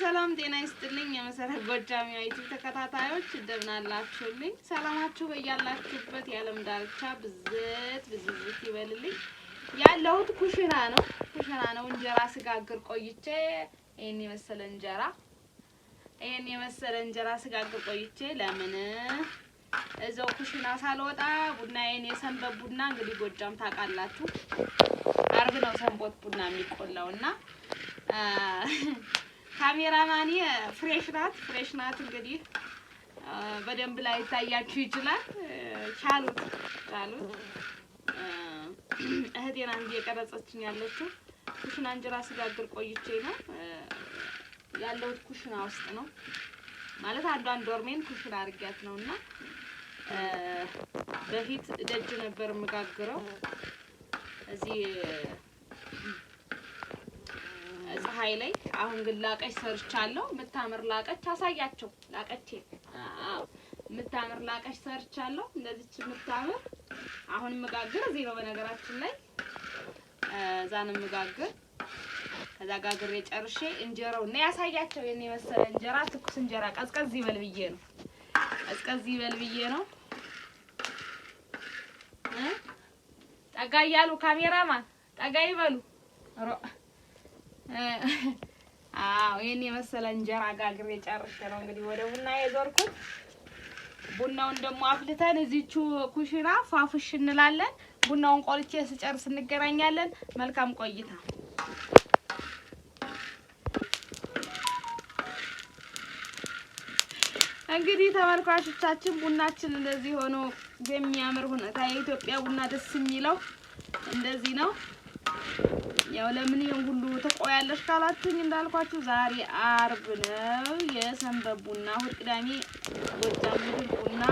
ሰላም ጤና ይስጥልኝ። የመሰረት ጎጃም ዩቲዩብ ተከታታዮች እንደምን አላችሁልኝ? ሰላማችሁ በያላችሁበት የዓለም ዳርቻ ብዝት ብዝዝት ይበልልኝ። ያለሁት ኩሽና ነው፣ ኩሽና ነው። እንጀራ ስጋግር ቆይቼ ይህን የመሰለ እንጀራ ይህን የመሰለ እንጀራ ስጋግር ቆይቼ ለምን እዛው ኩሽና ሳልወጣ ይህን የሰንበት ቡና እንግዲህ ጎጃም ታውቃላችሁ፣ አርብ ነው ሰንቦት ቡና የሚቆላውና ካሜራማን ፍሬሽ ናት፣ ፍሬሽ ናት። እንግዲህ በደንብ ላይ ይታያችሁ ይችላል። ቻሉት ቻሉት። እህቴና እንጂ የቀረጸችን ያለችው ኩሽና እንጀራ ስጋግር ቆይቼ ነው ያለሁት። ኩሽና ውስጥ ነው ማለት አንዷን ዶርሜን ኩሽና አድርጊያት ነው እና በፊት ደጅ ነበር የምጋግረው እዚህ ፀሐይ ላይ አሁን ግን ላቀች ሰርቻለሁ። የምታምር ላቀች አሳያቸው። ላቀች የምታምር ላቀች ሰርቻለሁ። እንደዚች የምታምር አሁን የምጋግር እዚህ ነው። በነገራችን ላይ እዛን የምጋግር ከዛ ጋግሬ ጨርሼ እንጀራው እና ያሳያቸው። የኔ መሰለ እንጀራ፣ ትኩስ እንጀራ ቀዝቀዝ ይበል ብዬ ነው። ቀዝቀዝ ይበል ብዬ ነው። ጠጋ እያሉ ካሜራማን ጠጋ ይበሉ አዎ ይሄን የመሰለ እንጀራ ጋግሬ ጨርሼ ነው እንግዲህ ወደ ቡና የዞርኩት። ቡናውን ደግሞ አፍልተን እዚቹ ኩሽና ፏፉሽ እንላለን። ቡናውን ቆልቼ ስጨርስ እንገናኛለን። መልካም ቆይታ። እንግዲህ ተመልካቾቻችን ቡናችን እንደዚህ ሆኖ የሚያምር ሁኔታ የኢትዮጵያ ቡና ደስ የሚለው እንደዚህ ነው። ያው ለምን ይሄን ሁሉ ትቆያለሽ ካላችሁኝ እንዳልኳችሁ ዛሬ አርብ ነው የሰንበት ቡና፣ እሑድ፣ ቅዳሜ ጎጃም ምድር ቡና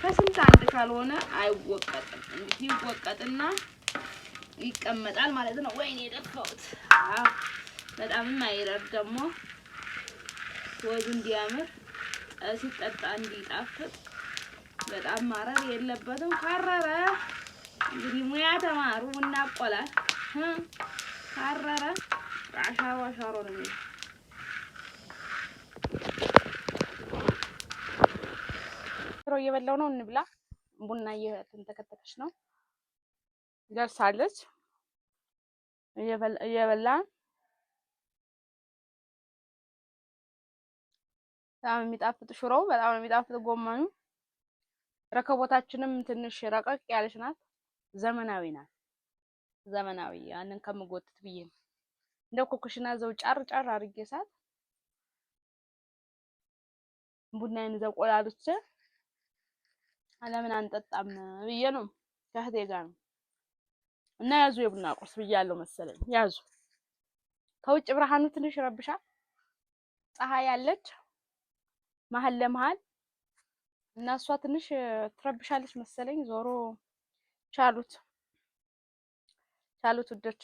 ከስንት አንድ ካልሆነ አይወቀጥም። እንግዲህ ይወቀጥና ይቀመጣል ማለት ነው። ወይኔ የደፋሁት በጣም አይረር ደግሞ ወዙ እንዲያምር ሲጠጣ እንዲጣፍጥ በጣም ማረር የለበትም። ካረረ እንግዲህ ሙያ ተማሩ እና ቆላል ካረረ አሻሮ አሻሮ ነው የሚለው። ሽሮ እየበላው ነው። እንብላ። ቡና እየተንተከተከች ነው። ደርሳለች። እየበላ በጣም የሚጣፍጥ ሽሮው በጣም የሚጣፍጥ ጎመኑ። ረከቦታችንም ትንሽ ረቀቅ ያለች ናት። ዘመናዊ ናት። ዘመናዊ ያንን ከምጎትት ብዬ ነው። እንደ ኮኩሽና ዘው ጫር ጫር አድርጌ ሳት ቡናዬን ዘው ቆላልቼ አለምን አንጠጣም ብዬ ነው ከህቴ ጋር ነው እና ያዙ የቡና ቁርስ ብያለሁ መሰለኝ። ያዙ ከውጭ ብርሃኑ ትንሽ ይረብሻል። ፀሐይ አለች መሀል ለመሀል እና እሷ ትንሽ ትረብሻለች መሰለኝ። ዞሮ ቻሉት። ሳሉት ውዶች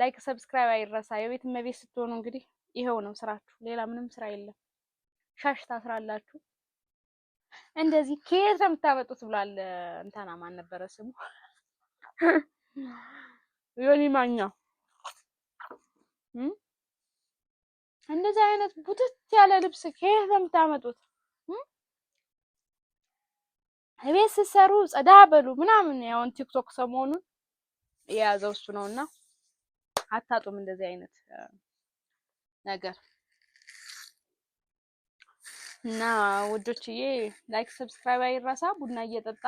ላይክ ሰብስክራይብ አይረሳ። የቤት እመቤት ስትሆኑ እንግዲህ ይኸው ነው ስራችሁ፣ ሌላ ምንም ስራ የለም። ሻሽ ታስራላችሁ እንደዚህ ከየት ነው የምታመጡት? ብሏል እንትና ማን ነበረ ስሙ? ዮኒ ማኛ። እንደዚህ አይነት ቡትት ያለ ልብስ ከየት ነው የምታመጡት? ቤት ስትሰሩ ጸዳ በሉ ምናምን ያውን ቲክቶክ ሰሞኑን የያዘው እሱ ነው እና አታጡም እንደዚህ አይነት ነገር እና ውዶችዬ ላይክ ሰብስክራይብ አይረሳ። ቡና እየጠጣ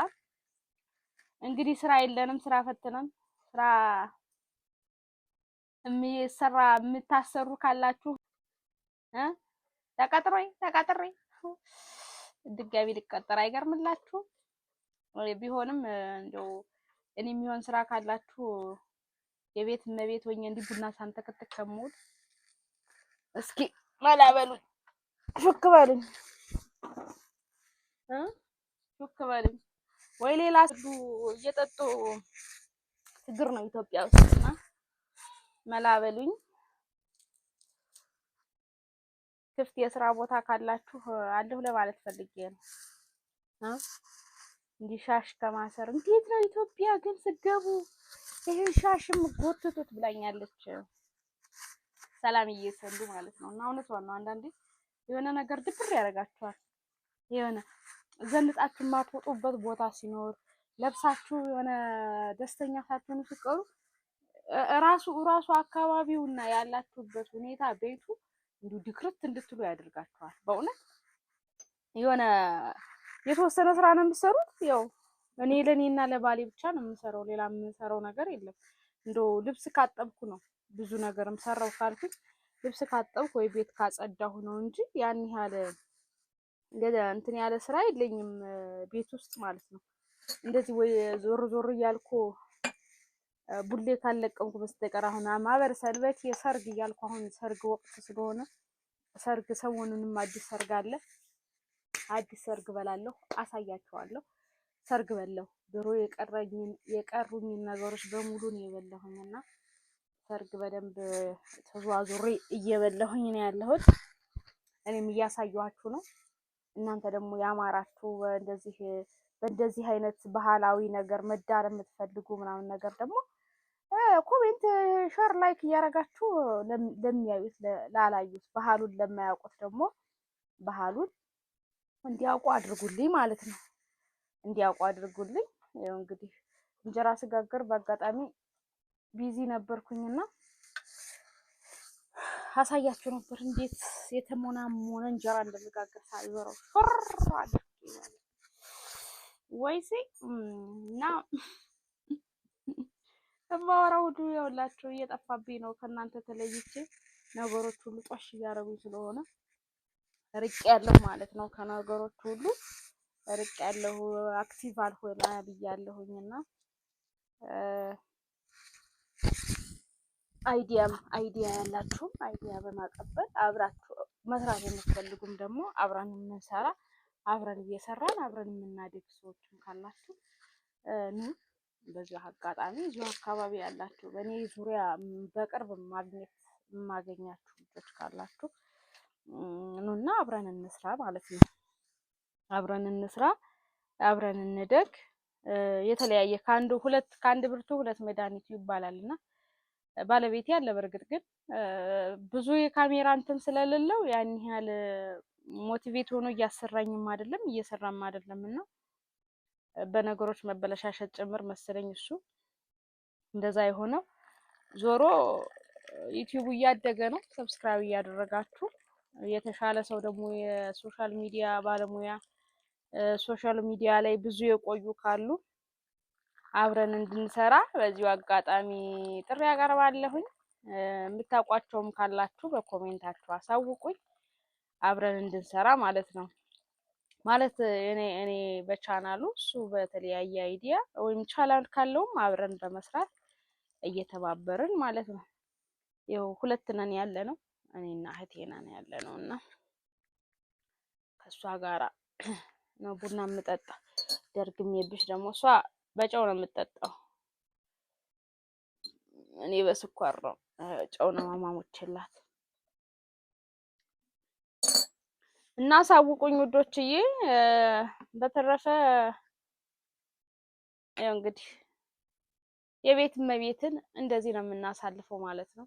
እንግዲህ ስራ የለንም፣ ስራ ፈትነን ስራ የሚሰራ የምታሰሩ ካላችሁ ተቀጥሬ ተቀጥሬ ድጋሚ ልቀጠር አይገርምላችሁ? ቢሆንም እንደው እኔ የሚሆን ስራ ካላችሁ የቤት እመቤት ሆኜ እንዲህ ቡና ሳንተከትክ ከምውል እስኪ መላ በሉኝ፣ ሹክ በሉኝ ሹክ በሉኝ ወይ ሌላ ስዱ እየጠጡ ችግር ነው ኢትዮጵያ ውስጥ እና መላ በሉኝ። ክፍት የስራ ቦታ ካላችሁ አለሁ ለማለት ፈልጌ ነው። እንዲህ ሻሽ ከማሰር እንዴት ነው ኢትዮጵያ ግን ስገቡ ይህን ሻሽም ጎትቱት ብላኛለች። ሰላም እየሰሉ ማለት ነው። እና እውነቷን ነው። አንዳንዴ የሆነ ነገር ድብር ያደርጋችኋል። የሆነ ዘንጣችሁ የማትወጡበት ቦታ ሲኖር ለብሳችሁ የሆነ ደስተኛ ሳትሆኑ ሲቀሩ ራሱ ራሱ አካባቢውና ያላችሁበት ሁኔታ ቤቱ እንዲሁ ድክርት እንድትሉ ያደርጋችኋል። በእውነት የሆነ የተወሰነ ስራ ነው የምሰሩት። ያው እኔ እና ለባሌ ብቻ ነው የምሰራው፣ ሌላ የምሰራው ነገር የለም። እንዶ ልብስ ካጠብኩ ነው ብዙ ነገር ሰራው ካልኩኝ ልብስ ካጠብኩ ወይ ቤት ካጸዳሁ ነው እንጂ ያን ያህል እንትን ያለ ስራ የለኝም ቤት ውስጥ ማለት ነው። እንደዚህ ወይ ዞር ዞር እያልኩ ቡሌ ካለቀምኩ በስተቀር አሁን ማህበር ሰንበት የሰርግ እያልኩ አሁን ሰርግ ወቅት ስለሆነ ሰርግ ሰሞኑንም አዲስ ሰርግ አለ አዲስ ሰርግ በላለሁ፣ አሳያቸዋለሁ። ሰርግ በለሁ ድሮ የቀሩኝን ነገሮች በሙሉ ነው የበላሁኝ እና ሰርግ በደንብ ተዟዙሬ እየበላሁኝ ነው ያለሁት። እኔም እያሳየኋችሁ ነው። እናንተ ደግሞ ያማራችሁ እንደዚህ በእንደዚህ አይነት ባህላዊ ነገር መዳር የምትፈልጉ ምናምን ነገር ደግሞ ኮሜንት፣ ሸር፣ ላይክ እያደረጋችሁ ለሚያዩት ላላዩት ባህሉን ለማያውቁት ደግሞ ባህሉን እንዲያውቁ አድርጉልኝ ማለት ነው። እንዲያውቁ አድርጉልኝ። ያው እንግዲህ እንጀራ ስጋገር በአጋጣሚ ቢዚ ነበርኩኝና አሳያችሁ ነበር እንዴት የተሞናሞነ እንጀራ እንደምጋገር ሳይበረው ፍር አድርጌ ወይሴ እና እማወራው ሁሉ ያውላችሁ እየጠፋብኝ ነው። ከእናንተ ተለይቼ ነገሮች ሁሉ ጧሽ እያደረጉኝ ስለሆነ ርቅ ያለሁ ማለት ነው። ከነገሮች ሁሉ ርቅ ያለሁ አክቲቭ አልሆነ ብያለሁኝ እና አይዲያም አይዲያ ያላችሁም አይዲያ በማቀበል አብራችሁ መስራት የምትፈልጉም ደግሞ አብረን የምንሰራ አብረን እየሰራን አብረን የምናደግ ሰዎችም ካላችሁ ኑ። በዚሁ አጋጣሚ እዚሁ አካባቢ ያላችሁ በእኔ ዙሪያ በቅርብ ማግኘት የማገኛችሁ ልጆች ካላችሁ ኑና አብረን እንስራ ማለት ነው። አብረን እንስራ፣ አብረን እንደግ። የተለያየ ከአንዱ ሁለት ከአንድ ብርቱ ሁለት መድኃኒቱ ይባላል እና ባለቤት ያለ በእርግጥ ግን ብዙ የካሜራ እንትን ስለሌለው ያን ያህል ሞቲቬት ሆኖ እያሰራኝም አይደለም እየሰራም አይደለም እና በነገሮች መበለሻሸት ጭምር መሰለኝ እሱ እንደዛ የሆነው ዞሮ ዩቲዩቡ እያደገ ነው። ሰብስክራይብ እያደረጋችሁ የተሻለ ሰው ደግሞ የሶሻል ሚዲያ ባለሙያ ሶሻል ሚዲያ ላይ ብዙ የቆዩ ካሉ አብረን እንድንሰራ በዚሁ አጋጣሚ ጥሪ ያቀርባለሁኝ። የምታውቋቸውም ካላችሁ በኮሜንታችሁ አሳውቁኝ፣ አብረን እንድንሰራ ማለት ነው። ማለት እኔ እኔ በቻናሉ እሱ በተለያየ አይዲያ ወይም ቻናል ካለውም አብረን በመስራት እየተባበርን ማለት ነው። ይኸው ሁለት ነን ያለ ነው። እኔና እህቴና ነው ያለ ነው እና ከእሷ ጋራ ነው ቡና የምጠጣ። የብሽ ደግሞ እሷ በጨው ነው የምጠጣው፣ እኔ በስኳር ነው። ጨው ነው ማማሞችላት እና ሳውቁኝ ውዶችዬ። በተረፈ ያው እንግዲህ የቤት እመቤትን እንደዚህ ነው የምናሳልፈው ማለት ነው።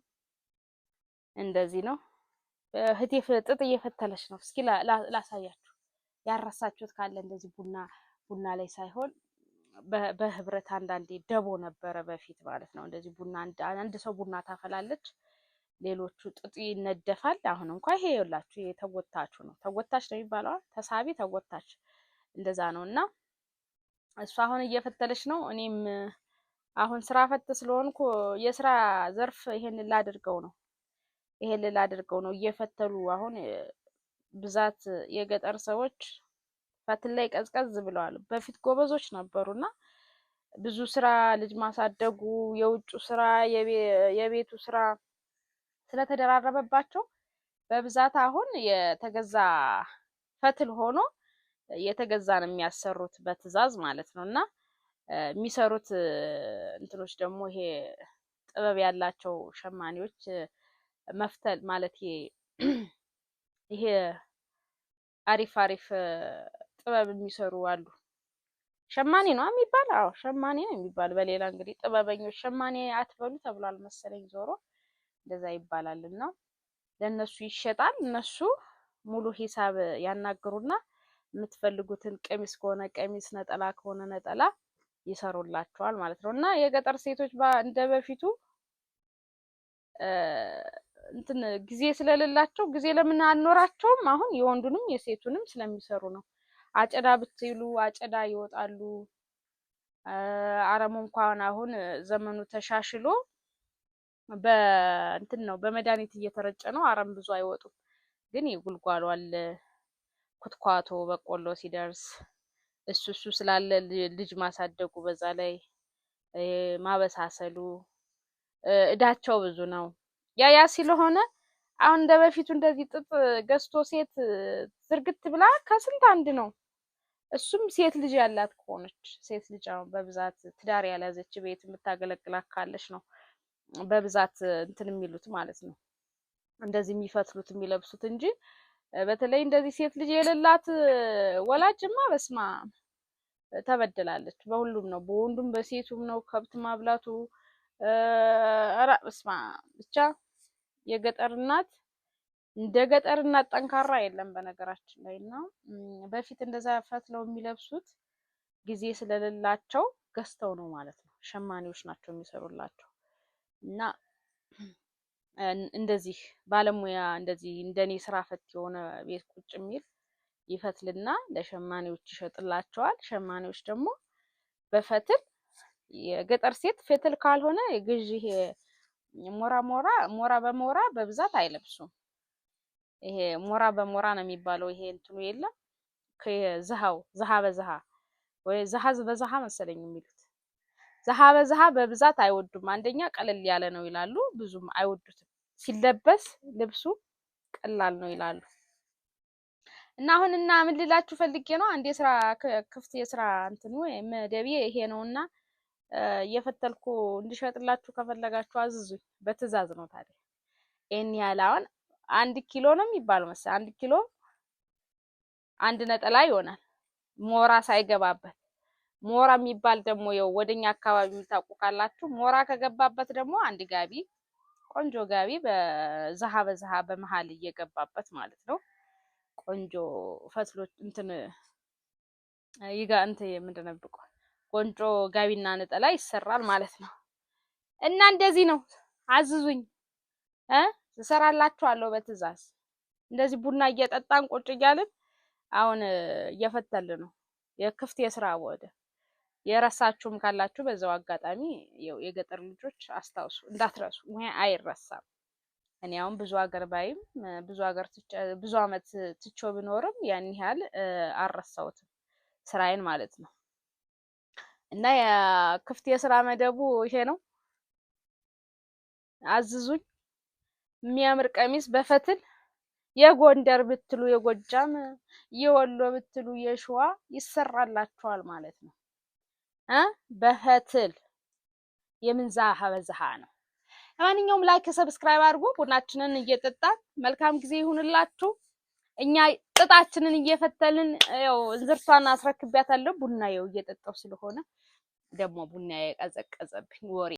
እንደዚህ ነው። እህቴ ጥጥ እየፈተለች ነው። እስኪ ላሳያችሁ። ያረሳችሁት ካለ እንደዚህ ቡና ቡና ላይ ሳይሆን በህብረት አንዳንዴ ደቦ ነበረ በፊት ማለት ነው። እንደዚህ ቡና አንድ ሰው ቡና ታፈላለች፣ ሌሎቹ ጥጥ ይነደፋል። አሁን እንኳ ይሄ የላችሁ የተጎታችሁ ነው። ተጎታች ነው የሚባለው ተሳቢ ተጎታች እንደዛ ነው። እና እሱ አሁን እየፈተለች ነው። እኔም አሁን ስራ ፈት ስለሆንኩ የስራ ዘርፍ ይሄን ላድርገው ነው ልል አድርገው ነው እየፈተሉ አሁን ብዛት የገጠር ሰዎች ፈትል ላይ ቀዝቀዝ ብለዋል። በፊት ጎበዞች ነበሩ እና ብዙ ስራ ልጅ ማሳደጉ የውጩ ስራ የቤቱ ስራ ስለተደራረበባቸው በብዛት አሁን የተገዛ ፈትል ሆኖ የተገዛ ነው የሚያሰሩት በትዕዛዝ ማለት ነው። እና የሚሰሩት እንትኖች ደግሞ ይሄ ጥበብ ያላቸው ሸማኔዎች መፍተል ማለት ይሄ አሪፍ አሪፍ ጥበብ የሚሰሩ አሉ። ሸማኔ ነው የሚባል? አዎ ሸማኔ ነው የሚባል። በሌላ እንግዲህ ጥበበኞች ሸማኔ አትበሉ ተብሏል መሰለኝ። ዞሮ እንደዛ ይባላል። እና ለእነሱ ይሸጣል። እነሱ ሙሉ ሂሳብ ያናግሩና የምትፈልጉትን ቀሚስ ከሆነ ቀሚስ፣ ነጠላ ከሆነ ነጠላ ይሰሩላቸዋል ማለት ነው። እና የገጠር ሴቶች እንደ በፊቱ እንትን ጊዜ ስለሌላቸው ጊዜ ለምን አልኖራቸውም? አሁን የወንዱንም የሴቱንም ስለሚሰሩ ነው። አጨዳ ብትሉ አጨዳ ይወጣሉ። አረሙ እንኳን አሁን ዘመኑ ተሻሽሎ በእንትን ነው በመድኃኒት እየተረጨ ነው። አረም ብዙ አይወጡም፣ ግን የጉልጓሉ አለ ኩትኳቶ በቆሎ ሲደርስ እሱ እሱ ስላለ ልጅ ማሳደጉ በዛ ላይ ማበሳሰሉ እዳቸው ብዙ ነው። ያ ያ ስለሆነ አሁን እንደ በፊቱ እንደዚህ ጥጥ ገዝቶ ሴት ዝርግት ብላ ከስንት አንድ ነው። እሱም ሴት ልጅ ያላት ከሆነች ሴት ልጅ አሁን በብዛት ትዳር ያልያዘች ቤት የምታገለግላት ካለች ነው በብዛት እንትን የሚሉት ማለት ነው እንደዚህ የሚፈትሉት የሚለብሱት እንጂ በተለይ እንደዚህ ሴት ልጅ የሌላት ወላጅማ በስማ ተበድላለች። በሁሉም ነው፣ በወንዱም በሴቱም ነው። ከብት ማብላቱ በስማ ብቻ የገጠር እናት እንደ ገጠር እናት ጠንካራ የለም በነገራችን ላይ እና በፊት እንደዛ ፈትለው የሚለብሱት ጊዜ ስለሌላቸው ገዝተው ነው ማለት ነው። ሸማኔዎች ናቸው የሚሰሩላቸው እና እንደዚህ ባለሙያ እንደዚህ እንደኔ ስራ ፈት የሆነ ቤት ቁጭ የሚል ይፈትልና ለሸማኔዎች ይሸጥላቸዋል። ሸማኔዎች ደግሞ በፈትል የገጠር ሴት ፈትል ካልሆነ ይሄ ሞራ ሞራ ሞራ በሞራ በብዛት አይለብሱም። ይሄ ሞራ በሞራ ነው የሚባለው። ይሄ እንትኑ የለም ከዝሃው ዝሃ በዝሃ ወይ ዝሃ በዝሃ መሰለኝ የሚሉት ዝሃ በዝሃ በብዛት አይወዱም። አንደኛ ቀለል ያለ ነው ይላሉ፣ ብዙም አይወዱትም። ሲለበስ ልብሱ ቀላል ነው ይላሉ። እና አሁን እና ምን ልላችሁ ፈልጌ ነው አንድ የስራ ክፍት የስራ እንትኑ መደቤ ይሄ ነውና እየፈተልኩ እንዲሸጥላችሁ ከፈለጋችሁ አዝዙኝ። በትዕዛዝ ነው። ታዲያ ይህን ያህል አሁን አንድ ኪሎ ነው የሚባለው መሰለኝ። አንድ ኪሎ አንድ ነጠላ ይሆናል። ሞራ ሳይገባበት ሞራ የሚባል ደግሞ የው ወደኛ አካባቢ የምታውቁ ካላችሁ ሞራ ከገባበት ደግሞ አንድ ጋቢ ቆንጆ ጋቢ በዛሃ በዛሃ በመሀል እየገባበት ማለት ነው። ቆንጆ ፈትሎች እንትን ይጋ እንትን ምንድን ቆንጆ ጋቢና ነጠላ ይሰራል ማለት ነው። እና እንደዚህ ነው። አዝዙኝ እ እሰራላችኋለሁ በትዕዛዝ። እንደዚህ ቡና እየጠጣን ቁጭ እያልን አሁን እየፈተል ነው የክፍት የስራ ወደ የረሳችሁም ካላችሁ በዛው አጋጣሚ የገጠር ልጆች አስታውሱ እንዳትረሱ። ሙያ አይረሳም። እኔ አሁን ብዙ ሀገር ባይም ብዙ ሀገር ብዙ አመት ትቼው ብኖርም ያን ያህል አልረሳሁትም ስራዬን ማለት ነው። እና የክፍት የስራ መደቡ ይሄ ነው። አዝዙኝ። የሚያምር ቀሚስ በፈትል የጎንደር ብትሉ የጎጃም የወሎ ብትሉ የሸዋ ይሰራላችኋል ማለት ነው በፈትል የምንዛ ሀበዛሃ ነው። ለማንኛውም ላይክ ሰብስክራይብ አድርጎ ቡናችንን እየጠጣን መልካም ጊዜ ይሁንላችሁ። እኛ ጥጣችንን እየፈተልን ያው እንዝርቷን አስረክቢያታለሁ። ቡና ያው እየጠጣሁ ስለሆነ ደግሞ ቡና የቀዘቀዘብኝ ወሬ